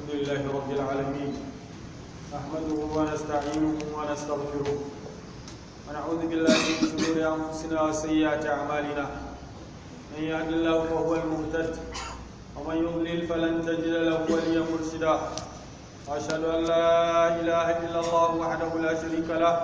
الحمد لله رب العالمين نحمده ونستعينه ونستغفره ونعوذ بالله من شرور انفسنا وسيئات اعمالنا من يهد الله فهو المهتد ومن يضلل فلن تجد له وليا مرشدا واشهد ان لا اله الا الله وحده لا شريك له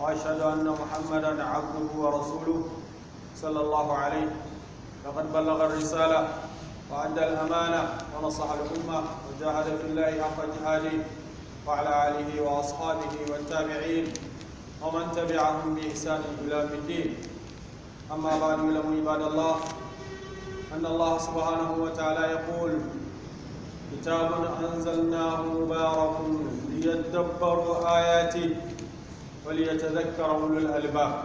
واشهد ان محمدا عبده ورسوله صلى الله عليه لقد بلغ الرساله وأدى الأمانة ونصح الأمة وجاهد في الله حق جهاده وعلى آله وأصحابه والتابعين ومن تبعهم بإحسان إلى يوم الدين أما بعد اعلموا عباد الله أن الله سبحانه وتعالى يقول كتاب أنزلناه مبارك ليدبروا آياته وليتذكر أولو الألباب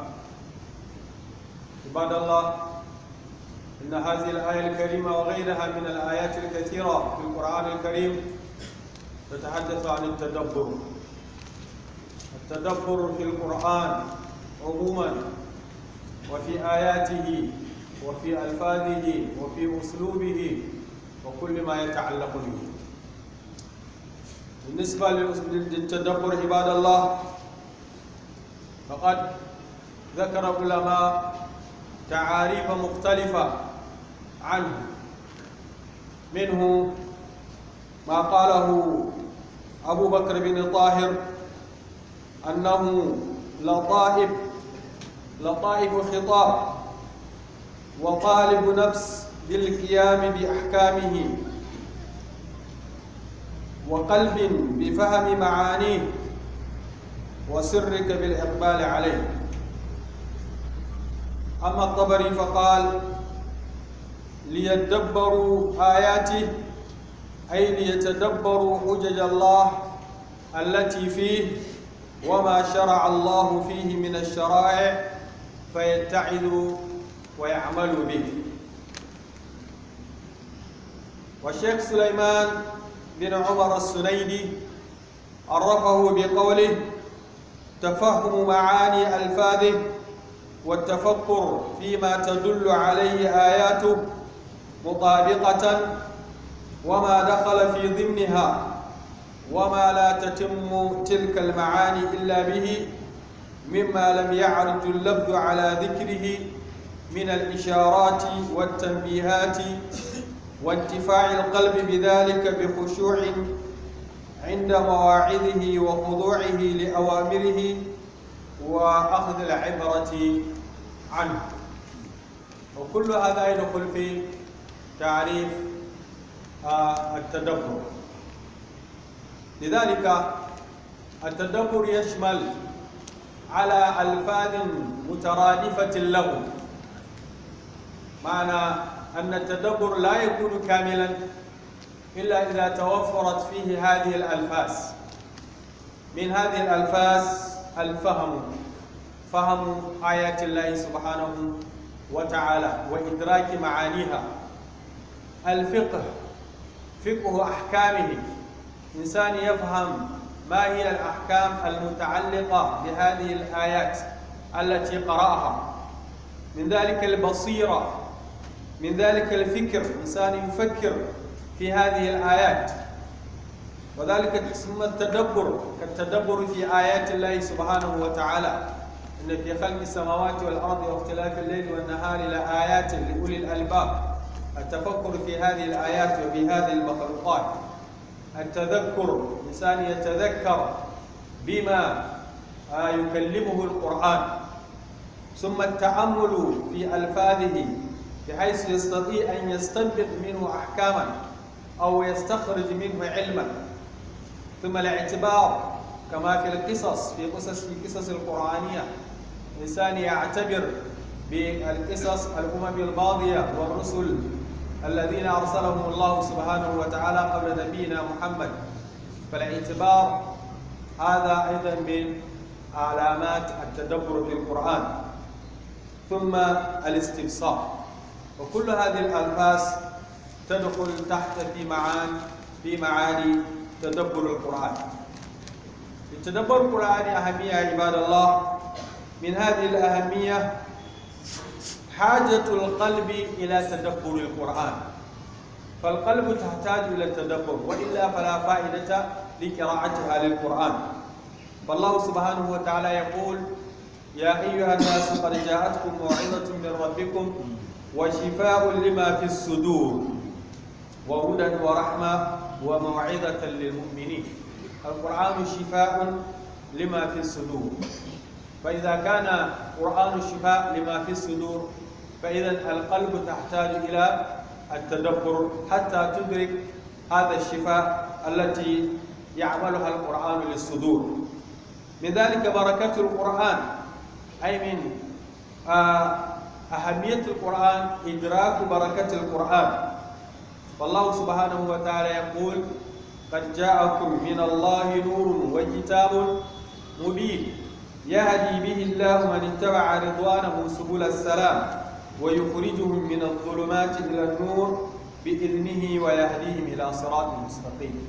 عباد الله إن هذه الآية الكريمة وغيرها من الآيات الكثيرة في القرآن الكريم تتحدث عن التدبر التدبر في القرآن عموما وفي آياته وفي ألفاظه وفي أسلوبه وكل ما يتعلق به بالنسبة للتدبر عباد الله فقد ذكر علماء تعاريف مختلفة عنه منه ما قاله أبو بكر بن طاهر أنه لطائف لطائف خطاب وطالب نفس بالقيام بأحكامه وقلب بفهم معانيه وسرك بالإقبال عليه أما الطبري فقال ليدبروا آياته أي ليتدبروا حجج الله التي فيه وما شرع الله فيه من الشرائع فيتعظوا ويعملوا به والشيخ سليمان بن عمر السنيدي عرفه بقوله تفهم معاني ألفاظه والتفكر فيما تدل عليه آياته مطابقة وما دخل في ضمنها وما لا تتم تلك المعاني إلا به مما لم يعرج اللفظ على ذكره من الإشارات والتنبيهات وانتفاع القلب بذلك بخشوع عند مواعظه وخضوعه لأوامره وأخذ العبرة عنه وكل هذا يدخل في تعريف آه، التدبر لذلك التدبر يشمل على ألفاظ مترادفة له معنى أن التدبر لا يكون كاملا إلا إذا توفرت فيه هذه الألفاظ من هذه الألفاظ الفهم فهم آيات الله سبحانه وتعالى وإدراك معانيها الفقه فقه أحكامه إنسان يفهم ما هي الأحكام المتعلقة بهذه الآيات التي قرأها من ذلك البصيرة من ذلك الفكر إنسان يفكر في هذه الآيات وذلك ثم التدبر كالتدبر في آيات الله سبحانه وتعالى إن في خلق السماوات والأرض واختلاف الليل والنهار لآيات لأولي الألباب التفكر في هذه الآيات وفي هذه المخلوقات التذكر الإنسان يتذكر بما يكلمه القرآن ثم التأمل في ألفاظه بحيث يستطيع أن يستنبط منه أحكاما أو يستخرج منه علما ثم الاعتبار كما في القصص في قصص في قصص القرآنية الإنسان يعتبر بالقصص الأمم الماضية والرسل الذين أرسلهم الله سبحانه وتعالى قبل نبينا محمد فالاعتبار هذا أيضا من علامات التدبر في القرآن ثم الاستبصار وكل هذه الألفاظ تدخل تحت في معاني في معاني تدبر القرآن التدبر القرآني أهمية عباد الله من هذه الأهمية حاجة القلب إلى تدبر القرآن فالقلب تحتاج إلى التدبر وإلا فلا فائدة لقراءتها للقرآن فالله سبحانه وتعالى يقول يا أيها الناس قد جاءتكم موعظة من ربكم وشفاء لما في الصدور وهدى ورحمة وموعظة للمؤمنين القرآن شفاء لما في الصدور فإذا كان قرآن الشفاء لما في الصدور فإذا القلب تحتاج إلى التدبر حتى تدرك هذا الشفاء التي يعملها القرآن للصدور من ذلك بركة القرآن أي من أهمية القرآن إدراك بركة القرآن والله سبحانه وتعالى يقول قد جاءكم من الله نور وكتاب مبين يهدي به الله من اتبع رضوانه سبل السلام ويخرجهم من الظلمات إلى النور بإذنه ويهديهم إلى صراط مستقيم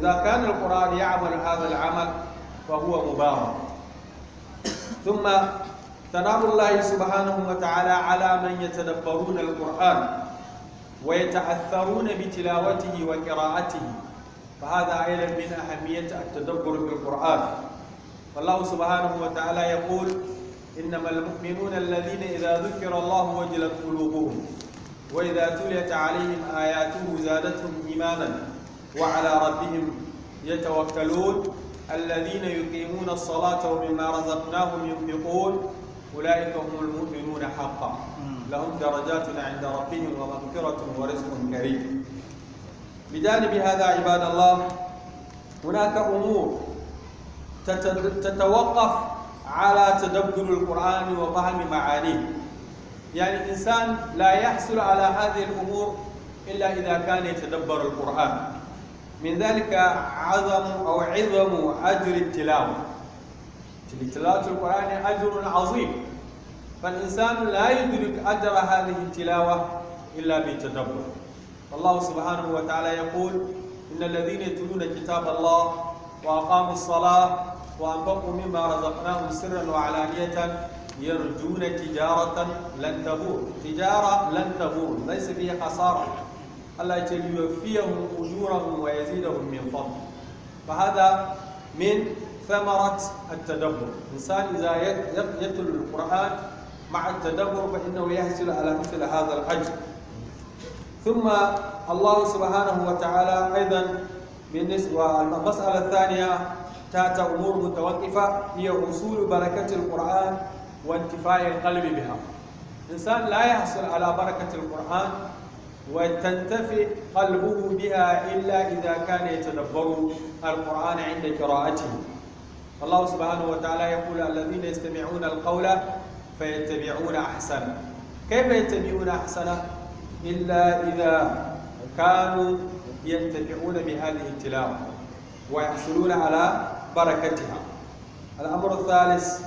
إذا كان القرآن يعمل هذا العمل فهو مبارك ثم تنام الله سبحانه وتعالى على من يتدبرون القرآن ويتأثرون بتلاوته وقراءته فهذا أيضا من أهمية التدبر بالقرآن فالله سبحانه وتعالى يقول إنما المؤمنون الذين إذا ذكر الله وجلت قلوبهم وإذا تليت عليهم آياته زادتهم إيمانا وعلى ربهم يتوكلون الذين يقيمون الصلاة ومما رزقناهم ينفقون أولئك هم المؤمنون حقا لهم درجات عند ربهم ومغفرة ورزق كريم بجانب هذا عباد الله هناك أمور تتوقف على تدبر القرآن وفهم معانيه يعني الإنسان لا يحصل على هذه الأمور إلا إذا كان يتدبر القرآن من ذلك عظم أو عظم أجر التلاوة تلاوة القرآن أجر عظيم فالإنسان لا يدرك أجر هذه التلاوة إلا بالتدبر الله سبحانه وتعالى يقول إن الذين يتلون كتاب الله وأقاموا الصلاة وأنفقوا مما رزقناهم سرا وعلانية يرجون تجارة لن تبور تجارة لن تبور ليس فيها خسارة الله يوفيهم أجورهم ويزيدهم من فضله فهذا من ثمرة التدبر الإنسان إذا يتلو القرآن مع التدبر فإنه يحصل على مثل هذا الأجر ثم الله سبحانه وتعالى أيضا بالنسبة المسألة الثانية ta ta'muru mutawaqqifa hiya husul barakati alquran wa intifa'i alqalbi biha insan la yahsul ala barakati alquran wa tantafi qalbuhu biha illa idha kana yatadabbaru alquran 'inda qira'atihi Allah subhanahu wa ta'ala yaqulu alladhina yastami'una alqawla fayattabi'una ahsana kayfa yattabi'una ahsana illa idha kanu yantafi'una bihadhihi at-tilawa wa yahsuluna ala بركتها الأمر الثالث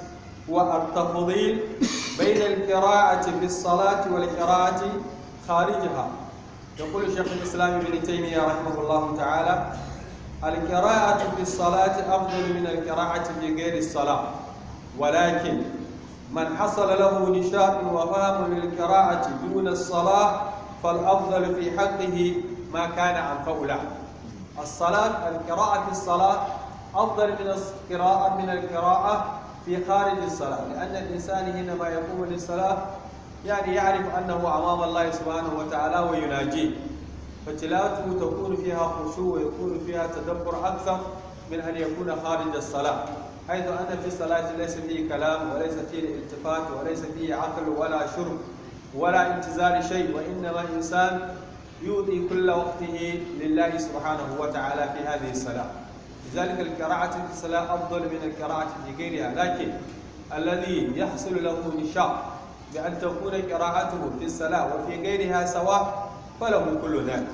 هو التفضيل بين القراءة في الصلاة والقراءة خارجها يقول شيخ الإسلام ابن تيمية رحمه الله تعالى القراءة في الصلاة أفضل من القراءة في غير الصلاة ولكن من حصل له نشاط وفهم للقراءة دون الصلاة فالأفضل في حقه ما كان عن فؤله الصلاة القراءة في الصلاة أفضل من القراءة من القراءة في خارج الصلاة لأن الإنسان حينما يقوم للصلاة يعني يعرف أنه أمام الله سبحانه وتعالى ويناجيه فتلاوته تكون فيها خشوع ويكون فيها تدبر أكثر من أن يكون خارج الصلاة حيث أن في الصلاة ليس فيه كلام وليس فيه التفات وليس فيه عقل ولا شرب ولا انتزال شيء وإنما الإنسان يؤذي كل وقته لله سبحانه وتعالى في هذه الصلاة لذلك القراءة في الصلاة أفضل من القراءة في غيرها لكن الذي يحصل له نشاط بأن تكون قراءته في الصلاة وفي غيرها سواء فله كل ذلك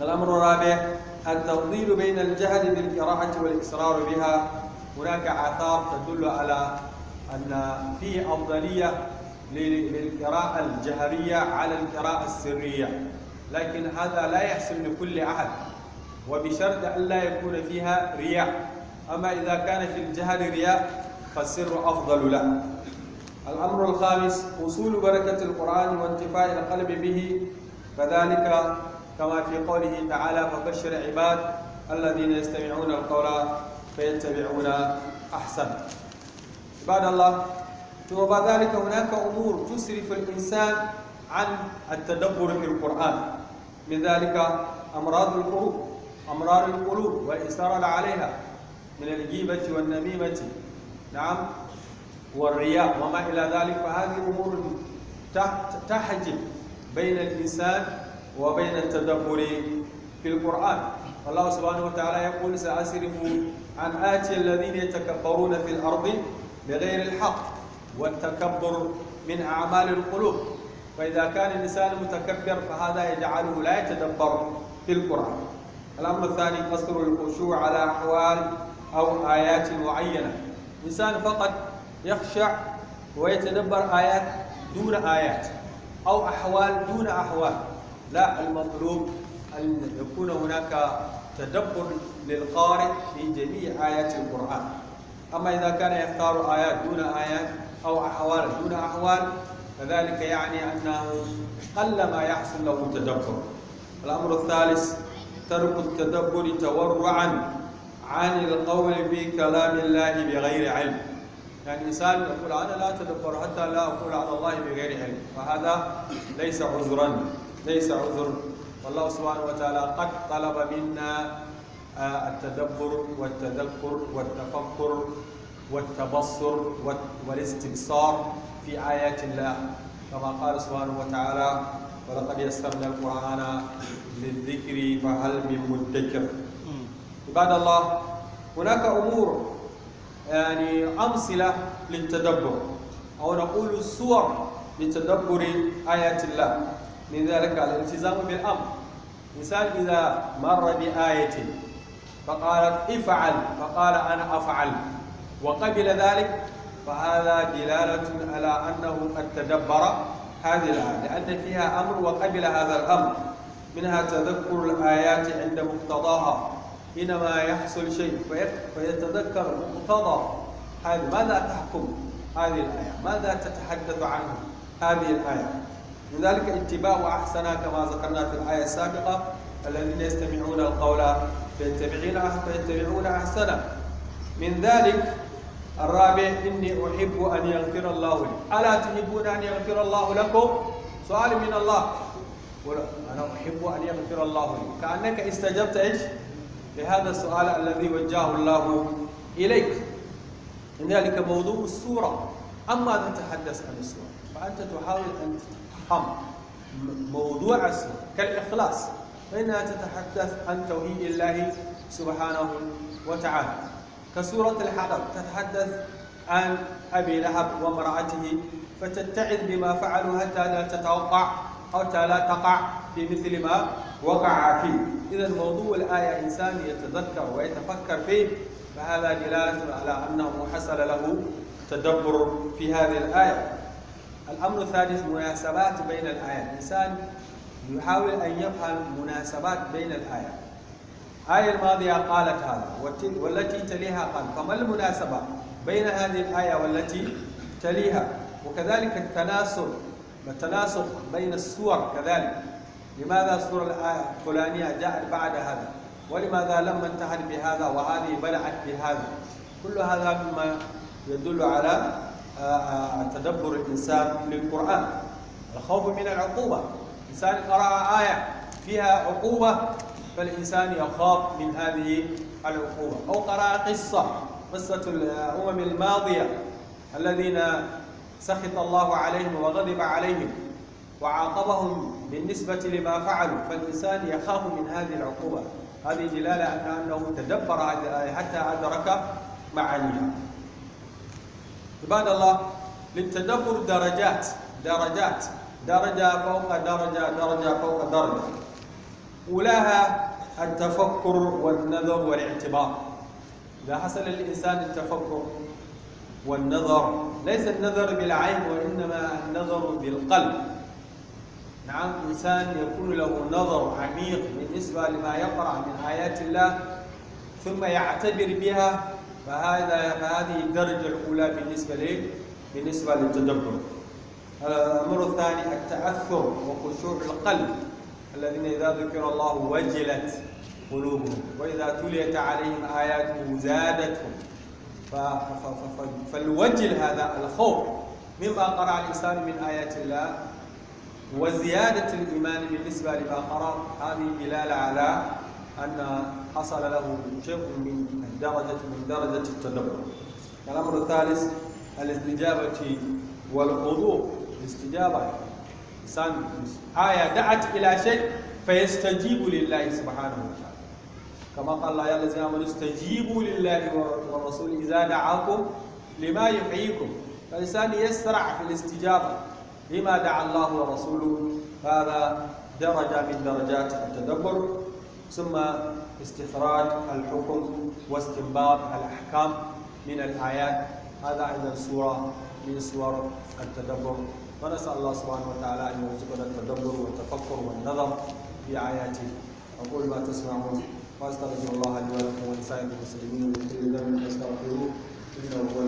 الأمر الرابع التفضيل بين الجهل بالقراءة والإصرار بها هناك آثار تدل على أن في أفضلية للقراءة الجهرية على القراءة السرية لكن هذا لا يحصل لكل أحد وبشرط أن لا يكون فيها رياء أما إذا كان في الجهل رياء فالسر أفضل له الأمر الخامس وصول بركة القرآن وانتفاع القلب به كذلك كما في قوله تعالى فبشر عباد الذين يستمعون القول فيتبعون أحسنه عباد الله ثم بعد ذلك هناك أمور تسرف الإنسان عن التدبر في القرآن من ذلك أمراض القلوب أمرار القلوب والإصرار عليها من الجيبة والنميمة نعم والرياء وما إلى ذلك فهذه أمور تحجب بين الإنسان وبين التدبر في القرآن الله سبحانه وتعالى يقول سأسرف عن آتي الذين يتكبرون في الأرض بغير الحق والتكبر من أعمال القلوب فإذا كان الإنسان متكبر فهذا يجعله لا يتدبر في القرآن الأمر الثاني قصر الخشوع على أحوال أو آيات معينة إنسان فقط يخشع ويتدبر آيات دون آيات أو أحوال دون أحوال لا المطلوب أن يكون هناك تدبر للقارئ في جميع آيات القرآن أما إذا كان يختار آيات دون آيات أو أحوال دون أحوال فذلك يعني أنه قل ما يحصل له تدبر الأمر الثالث ترك التدبر تورعا عن القول في كلام الله بغير علم يعني إنسان يقول أنا لا أتدبر حتى لا أقول على الله بغير علم فهذا ليس عذرا ليس عذر والله سبحانه وتعالى قد طلب منا آه، التدبر والتذكر والتفكر والتبصر والاستبصار في آيات الله كما قال سبحانه وتعالى ولقد يسرنا القرآن للذكر فهل من مدكر عباد الله هناك أمور يعني أمثلة للتدبر أو نقول صور لتدبر آيات الله من ذلك الالتزام بالأمر إنسان إذا مر بآية فقالت افعل فقال أنا أفعل وقبل ذلك فهذا دلالة على أنه قد تدبر هذه الآية لأن فيها أمر وقبل هذا الأمر منها تذكر الآيات عند مقتضاها حينما يحصل شيء فيتذكر مقتضى هذه ماذا تحكم هذه الآية ماذا تتحدث عنه هذه الآية لذلك اتباع أحسن كما ذكرنا في الآية السابقة الذين يستمعون القول فيتبعون أحسنه من ذلك الرابع إني أحب أن يغفر الله لي ألا تحبون أن يغفر الله لكم سؤال من الله ولا أنا أحب أن يغفر الله لي كأنك استجبت إيش لهذا السؤال الذي وجهه الله إليك إن ذلك موضوع السورة أما تتحدث عن السورة فأنت تحاول أن تفهم موضوع السورة كالإخلاص فإنها تتحدث عن توحيد الله سبحانه وتعالى كسورة الحلق تتحدث عن أبي لهب وامرأته فتتعظ بما فعلوا حتى لا تتوقع أو لا تقع في مثل ما وقع فيه إذا موضوع الآية إنسان يتذكر ويتفكر فيه فهذا دلالة على أنه حصل له تدبر في هذه الآية الأمر الثالث مناسبات بين الآيات الإنسان يحاول أن يفهم مناسبات بين الآيات الآية الماضية قالت هذا والتي تليها قال فما المناسبة بين هذه الآية والتي تليها وكذلك التناسب التناسق بين السور كذلك لماذا الآية الفلانية جاءت بعد هذا ولماذا لما انتهت بهذا وهذه بلعت بهذا كل هذا مما يدل على آه، آه، تدبر الإنسان للقرآن الخوف من العقوبة إنسان قرأ آية فيها عقوبة فالإنسان يخاف من هذه العقوبة أو قرأ قصة قصة الأمم الماضية الذين سخط الله عليهم وغضب عليهم وعاقبهم بالنسبة لما فعلوا فالإنسان يخاف من هذه العقوبة هذه دلالة أنه تدبر حتى أدرك معانيها عباد الله للتدبر درجات درجات درجة فوق درجة درجة فوق درجة أولاها التفكر والنظر والاعتبار إذا حصل الإنسان التفكر والنظر ليس النظر بالعين وإنما النظر بالقلب نعم إنسان يكون له نظر عميق بالنسبة لما يقرأ من آيات الله ثم يعتبر بها فهذا فهذه الدرجة الأولى بالنسبة ليه؟ بالنسبة للتدبر الأمر الثاني التأثر وخشوع القلب الذين إذا ذكر الله وجلت قلوبهم وإذا تليت عليهم آياته زادتهم فالوجل هذا الخوف مما قرأ الإنسان من آيات الله وزيادة الإيمان بالنسبة لما قرأ هذه دلالة على أن حصل له شيء من درجة من درجة التدبر الأمر الثالث الاستجابة والخضوع الاستجابة الإنسان آية دعت إلى شيء فيستجيب لله سبحانه وتعالى كما قال الله يا الذين من استجيبوا لله والرسول اذا دعاكم لما يحييكم فالانسان يسرع في الاستجابه لما دعا الله ورسوله هذا درجه من درجات التدبر ثم استخراج الحكم واستنباط الاحكام من الايات هذا ايضا سوره من سور التدبر ونسال الله سبحانه وتعالى ان يرزقنا التدبر والتفكر والنظر في اياته اقول ما تسمعون واستغفر الله لي ولكم ولسائر المسلمين من كل ذنب فاستغفروه انه هو